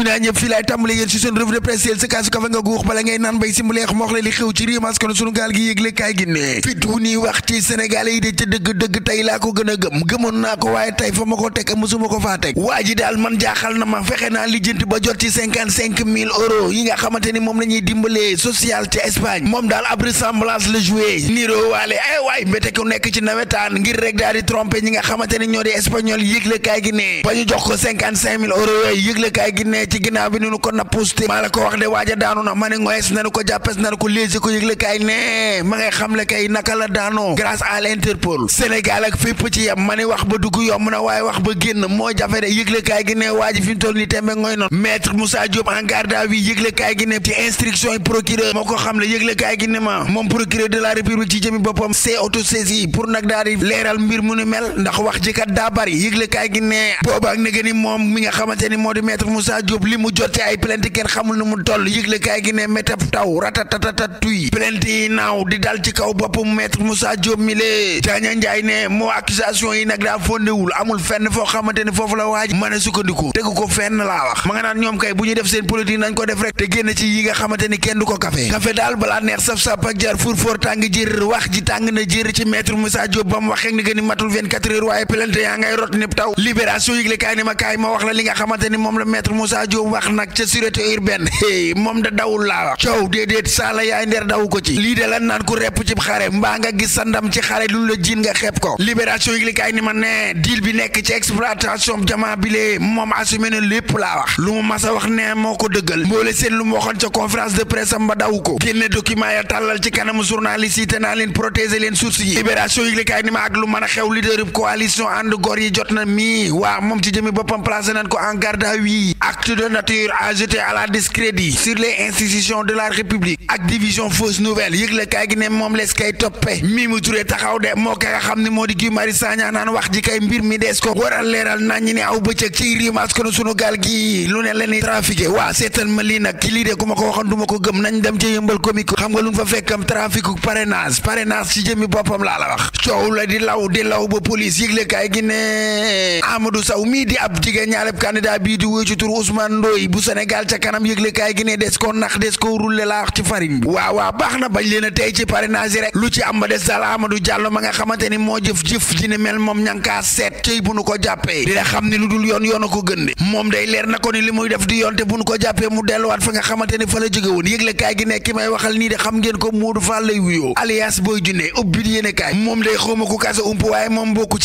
nuyu naa ñëpp fii laay tàmbale yéen ci seen revue de presse yéen sa kafe nga guux bala ngay naan bay si mbaleex li xew ci réew askan sunu gi yëgle kaay gi ne fit wu nii wax ci Sénégal yi de ca dëgg-dëgg tey laa ko gën a gëm gëmoon naa ko waaye tey fa ma ko teg mësuma ko faa teg waa ji daal man jaaxal na ma fexe naa lijjanti ba jot ci cinquante yi nga xamante moom la dimbalee social ca Espagne moom daal ab ressemblance la joué niroo waale ay ci ginnaaw bi ni nu ko na puusti maa la ko wax de waaja daanu na ma ne ngoyes nanu ko jàppes nanu ko léegi ko yëgle kaay ne ma ngay wax ba dugg yomb na waaye wax ba génn moo jafe de yëgle kaay gi ne waaji fi mu toll ni tembe ngoy noon maître Moussa Diop en garde à vue yëgle kaay gi ne ci instruction procureur moo ko xam le kaay gi ma moom procureur de la république ci jëmi boppam c'est autosaisi pour nag daal leeral mbir mu ni mel ndax wax li mu jot ci ay plainte kenn xamul nu mu toll yëglekaay gi ne métab taw ratatatatat tuy plainte yi naaw di dal ci kaw bopp maître Moussa Diop mi lee Jaaña Njaay ne moo accusation yi nag daa fondewul amul fenn foo xamante foofu la waaj mën a sukkandiku tegu ko fenn laa wax ma nga naan ñoom kay bu ñuy def seen politique nañ ko def rek te génn ci yi nga xamante ni kenn du ko kafe kafe daal balaa neex saf-saf ak jar fur foor tàng jër wax ji tàng na jër ne ma kaay ma wax Diop wax nag ca sûreté urbaine hey moom da dawul laa wax coow déedéet saala yaay ndeer daw ko ci lii de naan ku repp ci xare mbaa nga gis sa ndam ci xare lu la jiin nga xeeb ko libération yëgle kaay ni ma ne deal bi nekk ci exploitation jamaa bi lee moom assumé na lépp laa wax lu mu mas a wax ne moo ko dëggal mboole seen lu mu waxoon ca conférence de presse am ba daw ko génne document ya tàllal ci kanamu journaliste yi te naa leen protéger leen source yi libération yëgle kaay ni ma ak lu mën a xew de nature à jeter à la discrédit sur les institutions de la république ak division fausse nouvelle yëgle kaay gi moom les kay toppe Mimi Touré taxaw de moo ka xam ne moo di Guy Marius naan wax ji kay mbir mi dees ko waral leeral nañ ñi aw bëccëg ci rimaas ko sunu gaal gi lu ne lañuy trafiqué waa seetal ma lii nag ci lii de ku ma ko waxoon du ma ko gëm nañ dem ci yëmbal comique xam nga lu fa fekkam trafic parrainage parrainage ci jëmmi boppam laa la wax la di law di law ba police yëgle kaay gi ne Amadou Ousmane Ndoye bu Sénégal ca kanam yëglekaay gi ne des ko nax des ko rulle laa wax ci farine bi waaw baax na bañ leen a tey ci parrainage rek lu ci am ba des daal Amadou xam ni lu dul yoon yoon a ko gënde moom day leer na ko ni li muy def di yoon te bu nu ko jàppee mu delluwaat fa nga xamante fa la jóge woon yëglekaay gi ne ki may waxal nii de xam ngeen ko Modou Fall lay wuyoo alias Boy Djiné ubbil yéenekaay moom day xawma ko kaso ump waaye moom bokku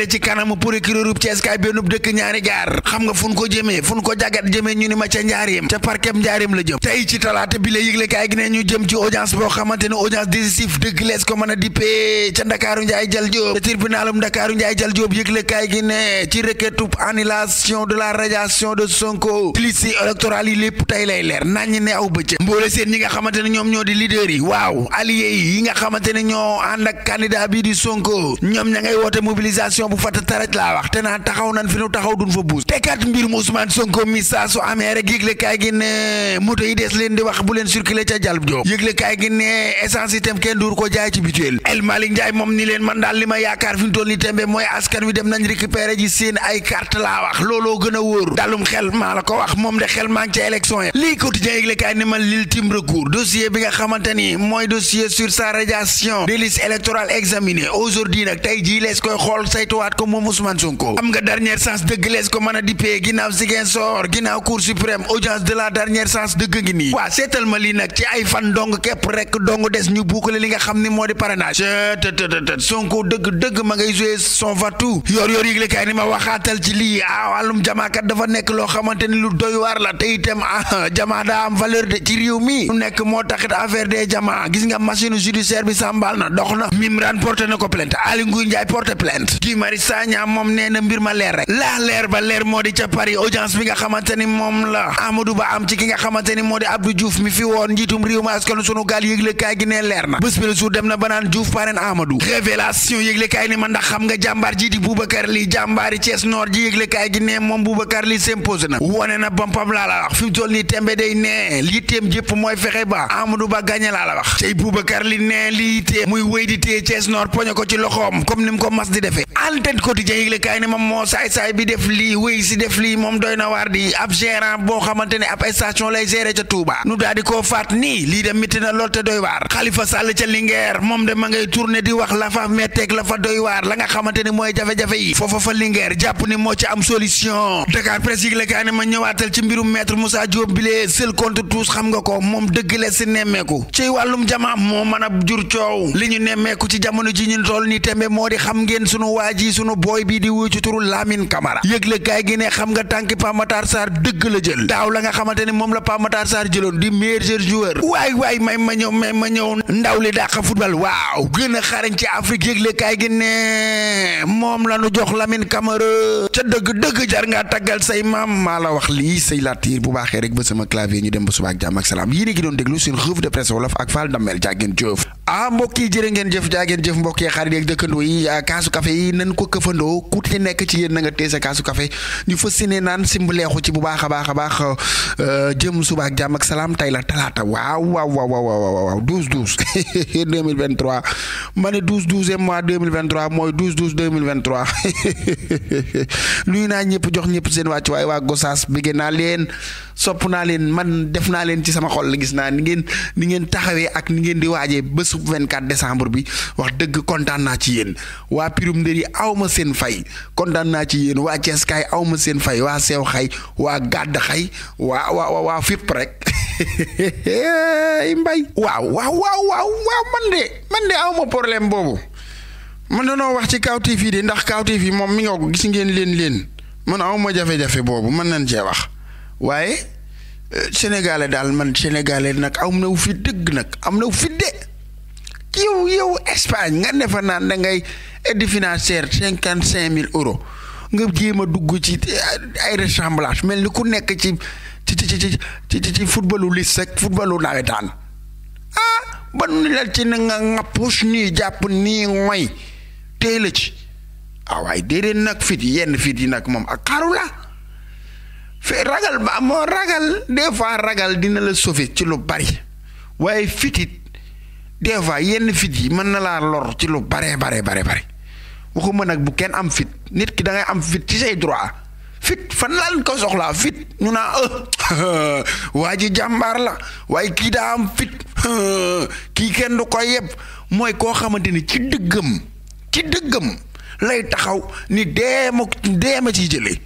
seere ci kanamu procureur Thiès kaay bennub dëkk ñaari gaar xam nga fun ko jëmee fun ko jagat jëmee ñu ni ma ca njaareem ca parkem njaareem la jëm tey ci talaata bi yëgle kaay gi ne ñu jëm ci audience boo xamante audience décisif dëgg lees ko mën a dippee ca ndakaaru njaay jal joob ca tribunalum ndakaaru njaay jal joob yëgle kaay gi ne ci requêtub annulation de la radiation de Sonko liste électorale yi lépp tey lay leer nañ ne aw bëccëg mboole seen ñi nga xamante ne ñoom ñoo di leader yi waaw alliés yi nga xamante ne ñoo ànd ak candidat bii di Sonko ñoom ña ngay woote mobilisation bu fata taraj laa wax te naa taxaw nan fi nu taxaw duñ fa buus te kat mbir mu Ousmane Sonko mi saa su amee rek yëgle kaay gi moto yi leen di wax bu leen circuler ca jalb joob yëgle kaay gi essence itam kenn duur ko jaay ci butéel El Malick Ndiaye moom ni leen man daal li ma yaakaar fi ñu toll ni tembe mooy askan wi dem nañ récupérer ji seen ay carte laa wax looloo gën a wóor dalum xel maa la ko wax moom de xel maa ca élection yi lii quotidien yëgle kaay ni mooy dossier waat ko moom Ousmane Sonko am nga dernière chance dëgg lees ko mën a dippee ginnaaw Ziguinchor ginnaaw Cour suprême audience de la dernière chance dëgg ngi nii waa seetal ma lii nag ci ay fan dong képp rek dong des ñu buukale li nga xam ni moo di parrainage tëtëtëtët Sonko dëgg dëgg ma ngay jouer son va-tout yor yor yëgle kaay ni a waxaatal ci lii ah ni lu doy waar la te itam ah jamaa daa am valeur de ci réew mi lu nekk moo taxit affaire des jamaa gis nga machine judiciaire bi sàmbaal na dox na Mimran porté na ko Mari moom nee na mbir ma leer rek laa leer ba leer moo di ca Paris audience bi nga xamante ni moom la Amadou Ba am ci ki nga xamante ni moo di Abdou Diouf mi fi woon njiitum réew ma askanu sunu gaal yëgle kaay gi ne leer na bés bi la suur dem na ba naan Diouf parrain Amadou révélation yëgle kaay xam nga jàmbaar ji di Boubacar Ly jàmbaari Thiès Nord ji yëgle kaay gi ne moom Boubacar Ly s'impose na wone na bompam laa la wax fi mu toll nii tembe day ne yitteem jëpp mooy fexe ba Amadou Ba gagné laa la wax tey Boubacar li ne li muy wéy di téye Thiès Nord poñe ko ci loxoom comme ni ko mas di defee bulletin quotidien yëgle kaay ne moom moo saay-saay bi def lii wéy si def lii moom doy na waar di ab gérant boo xamante ab station lay géré ca Touba nu daal di faat nii lii de métti na lool te doy waar Khalifa Sall ca Linguère moom de ma ngay tourné di wax la fa metteeg la fa doy waar la nga xamante ne mooy jafe-jafe yi foofa fa Linguère jàpp ni moo ci am solution Dakar Presse yëgle kaay ne ma ñëwaatal ci mbirum maître Moussa Diop bile seul contre tous xam nga ko moom dëgg la si nemmeeku ci wàllum jama moo a jur coow li ñu nemmeeku ci jamono ji di sunu booy bii di wuy ci turu Lamine Camara yëgle xam nga tànki Pape Matar Sarr dëgg la jël daaw la nga xamante ni moom la Pape Matar Sarr jëloon di meilleur joueur waay waay may ma ñëw may ma ñëw ndaw li dàq football waaw gën a xarañ Afrique yëgle kaay gi moom la nu jox Lamine Camara ca dëgg-dëgg jar nga taggal say maam maa la wax lii say latiir bu baaxee rek ba sama clavier ñu dem ba subaak jàmm ak salaam yéen doon déglu seen revue de presse wolof ak Fall Damel jaageen jëf ah mbokk yi jërë ngeen jëf jaageen jëf ah, na nga teesa kaasu café ñu fas yéene naan a baax a baax euh, jëm subaak jàmm ak salaam tey la talaata waaw waaw waaw waaw waaw 12 12 2023 ma ne 12 12e mois 2023 mooy 12 12 2023 nuyu naa ñëpp jox ñëpp seen waaye waa Gosaas bëgg naa leen sopp naa leen man def naa leen ci sama xol gis naa ni ngeen ni ngeen taxawee ak ni ngeen di waajee bés vingt 24 décembre bi wax dëgg kontaan naa ci yéen waa Pirum Ndëri aw ma seen fay kontaan naa ci yéen waa Cees kaay aw ma seen fay waa Seew xay waa Gàdd xay waa waa waa fépp rek. mbay waaw waaw man de man de aw ma problème boobu man noo wax ci kawtif fii de ndax kawtif fii moom mi nga ko gis ngeen leen leen man awma jafe-jafe boobu mën nañ cee wax waaye euh, sénégalais daal man sénégalais nag am na fi dëgg nag am na fi de yow yow Espagne nga defa naan da ngay aide cinquante cinq mille euro nga jéem a dugg ci euh, ay ressemblage mel ni ku nekk ci ci ci ci ci ci footballu lis ak footballu nawetaan ah la ci na nga nii jàpp nii mooy teel a ci ah waaye déedéet nag fit yenn fit yi nag moom ak xaru la fe ragal ba moo ragal des fois ragal dina la sauver ci lu bari waaye fitit des fois yenn fit yi mën na laa lor ci lu baree bare bari bare waxuma nag bu kenn am fit nit ki dangay am fit ci say droit fit fan laal ko soxlaa fit ñu naa ë waa ji jàmbaar la waaye kii daa am fit kii kenn du ko yeb mooy koo xamante ni ci dëggam ci dëggam lay taxaw ni deema deema ci jëlee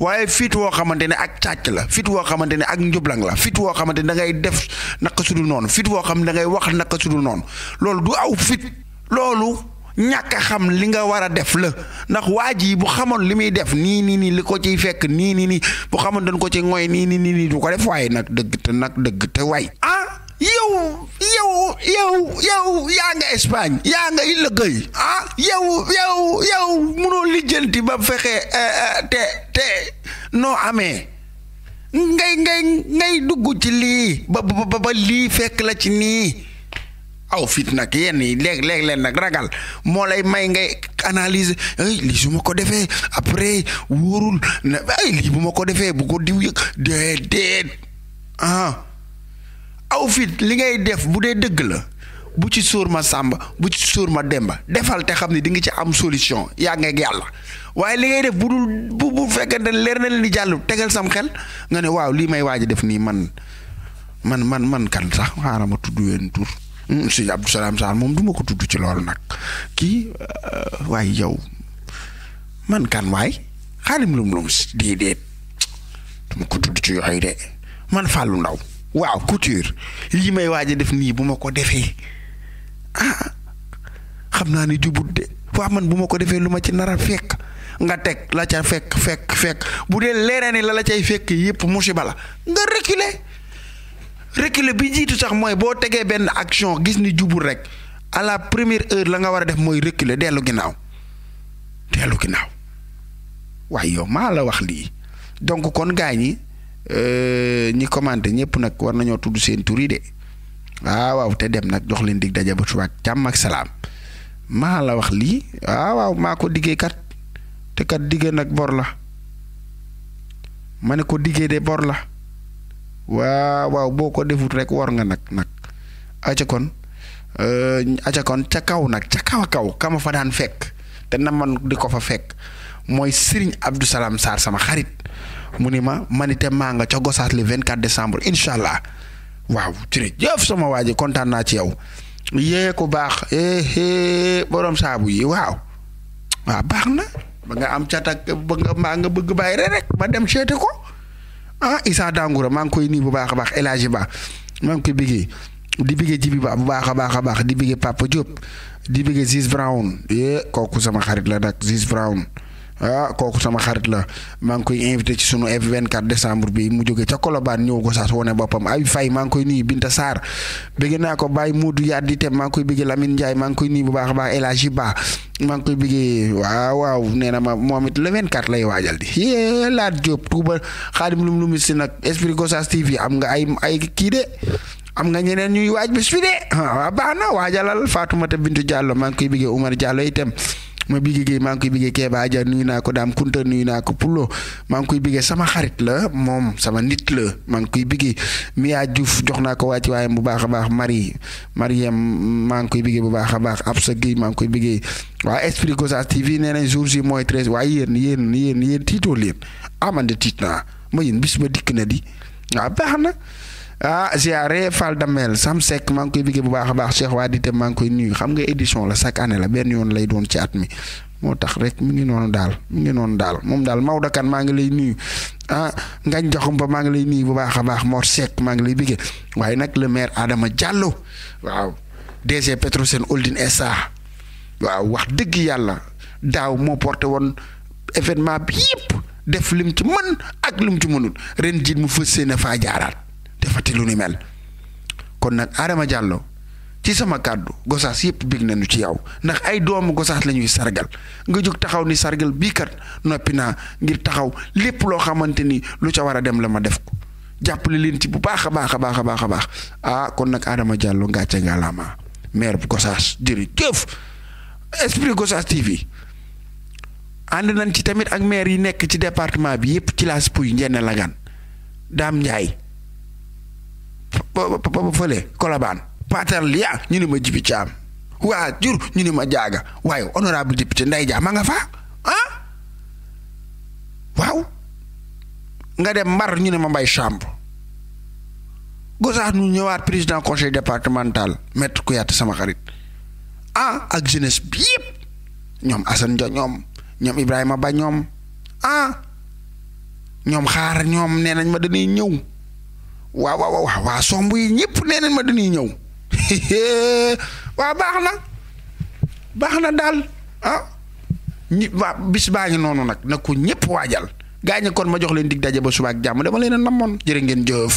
waaye fit woo xamante ne ak càcc la fit woo xamante ne ak njublan la fit woo xamante ne da ngay def naka sudul noonu fit woo xam ne da ngay wax naka sudul noonu loolu du aw fit loolu ñàkk a xam li nga war a def la ndax waa ji bu xamoon li muy def nii nii nii li ko ciy fekk nii nii nii bu xamoon dañ ko ci ngoy nii nii nii du ko def waaye nag dëgg te nag dëgg te waay ah! yow yow yow yow yaa nga Espagne yaa ngay liggéey ah yow yow yow munoo lijjanti ba fexe eh, eh, te te noo amee ngay ngay ngay dugg ci lii ba ba ba lii fekk la ci nii aw fit nag yenn yi léeg léeg nag ragal moo lay may ngay analise ay lii su ko defee après wóorul ay lii bu ma ko defee bu ko diw yëg déedéet ah aw fit li ngay def bu dee dëgg la bu ci sóor ma sàmba bu ci sóor ma demba defal te xam ne di nga ci am solution yaa ngay yàlla waaye li ngay def bu dul bu bu fekkente leer na leen di jàll tegal sam xel nga ne waaw lii may waaj a def nii man man man man kan sax xaaral ma tudd wenn tur hmm, sëñ Abdou Salam Sarr moom duma ko tudd ci loolu nag kii euh, waaye yow man kan waay xaalim lum lum si déedéet du ko tudd ci yooyu de man fàllu ndaw waaw couture lii may waaj def nii bu ma ko defee ah, xam naa ni jubut de waa man bu ma ko defee lu ma ci nar a fekk nga teg la ca fekk fekk fekk bu dee leeree ni la la cay fekk yépp musiba la nga reculer reculer bi jiitu sax mooy boo tegee benn action gis ni jubul rek à la première heure la nga war a def mooy reculer dellu ginnaaw dellu ginnaaw waaye yow maa la wax lii donc kon gaañ Euh, ñi commenté ñëpp nag war nañoo tudd seen tur de waaw ah, waaw te dem nag jox leen dig daje ba subaak jàmm ak salaam maa la wax lii waaw ah, waaw maa ko diggee kat te kat diggee nag bor la ma ne ko diggee de bor la waaw waaw boo ko defut rekk war nga nag nag aca kon euh, aca kon ca kaw nag ca kaw a kaw kama fa daan fekk te na man di ko fa fekk mooy Serigne Abdou Salam Sarr sama xarit mu ni ma man itam maa nga ca Gossas vingt 24 décembre incha allah waaw jërëjëf sama waa ji kontaan naa ci yow yee ko baax eh, eh borom saabu yi waaw waaw baax na ba nga am cat ak ba nga maa nga bëgg bàyyi rek ba dem seeti ko ah Issa Dangoura maa ngi koy nii bu baax a baax El Hadj Ba maa ngi koy biggee di biggee Jibi Ba bu baax a baax a baax di biggee Papa Diop di biggee Ziz Brown yee kooku sama xarit la nag Ziz Brown. ah kooku sama xarit la maa ngi koy invité ci sunu F24 décembre bi mu jóge ca Colobane ñëw ko sax wone boppam ay fay maa ngi koy nuyu Binta Sarr bëgg naa ko Baye Moodu Yaddi tem maa ngi koy bëgg Lamine Ndiaye maa ngi koy nuyu bu baax a baax El Hadji Ba maa ngi koy bëggee waaw waaw nee na ma moom it le 24 lay waajal di yee laat Diop Touba xaadim lum lumi si nag Esprit Gossas TV am nga ay ay kii de am nga ñeneen ñuy waaj bis fi de waaw ah, baax na waajalal Fatoumata Bintu Diallo maa ngi koy bëggee Oumar ma bigge géey maa ngi koy biggee Kéba Aja nuyu naa ko dam kunta nuyu naa ko Pulo maa koy biggee sama xarit la moom sama nit la maa ngi koy biggee Mia Diouf jox naa ko wàcc waayam bu baax a baax mari Mariam maa ngi koy biggee bu baax a baax Absa Guèye maa ngi koy biggee waa Esprit Gossas TV nee nañ jour ji mooy treize waaye yéen yéen yéen yéen tiitoo leen amande ah, tiit naa ma yéen bis ba dikk na di waaw baax na ah ziare Fall Damel Sam Seck maa ngi koy bëggee bu baax a baax Cheikh waa Dite maa ngi koy nuyu xam nga édition la chaque année la benn yoon lay doon ci at mi moo tax rek mu ngi noonu daal mi ngi noonu daal moom daal Maodo Kane maa ngi lay nuyu ah Ngañ Joxum ba maa ngi lay nuyu bu baax a baax Mor Seck maa ngi lay bëggee waaye nag le maire Adama Diallo waaw DG Petrosen Holding SA waaw wax dëgg yàlla daaw moo porté woon événement bi yëpp def lim ci mën ak lim ci mënul ren jiit mu fës seen faa defati lu ni mel kon nag Adama jàlloo ci sama kàddu gosaas yëpp bég nañu ci yow ndax ay doomu gosaas lañuy ñuy sargal nga jóg taxaw ni sargal bii kat noppi naa ngir taxaw lépp loo xamante ni lu ca war a dem la ma def ko jàppale leen ci bu baax a baax a baax a baax a baax ah kon nag Adama Diallo ngàcce ngalaama maire bu gosaas jërëjëf esprit gosaas TV ànd nañ ci tamit ak maire yi nekk ci département bi yëpp ci laas puy njenne lagan daam Njaay ba fële kolabaan patar liya ñu ne ma jibi caam waa jur ñu ne ma jaaga waaye honorable député nday jaa ma nga faa ah waaw nga dem mbar ñu ne ma mbay chambre gosaas nu ñëwaat président conseil départemental maître Kouyaté sama xarit ah ak jeunesse bi yëpp ñoom Assane Dia ñoom ñoom Ibrahima Ba ñoom ah ñoom xaar ñoom nee nañ ma dañuy ñëw waaw waaw waaw waa somb yi ñëpp nee ma dañuy ñëw waa baax na baax na daal ah ñi waa bis baa ngi noonu nag na ko ñëpp waajal gaañ kon ma jox leen dig daje ba subaak ak jàmm dama leen a namoon jërë ngeen jëf.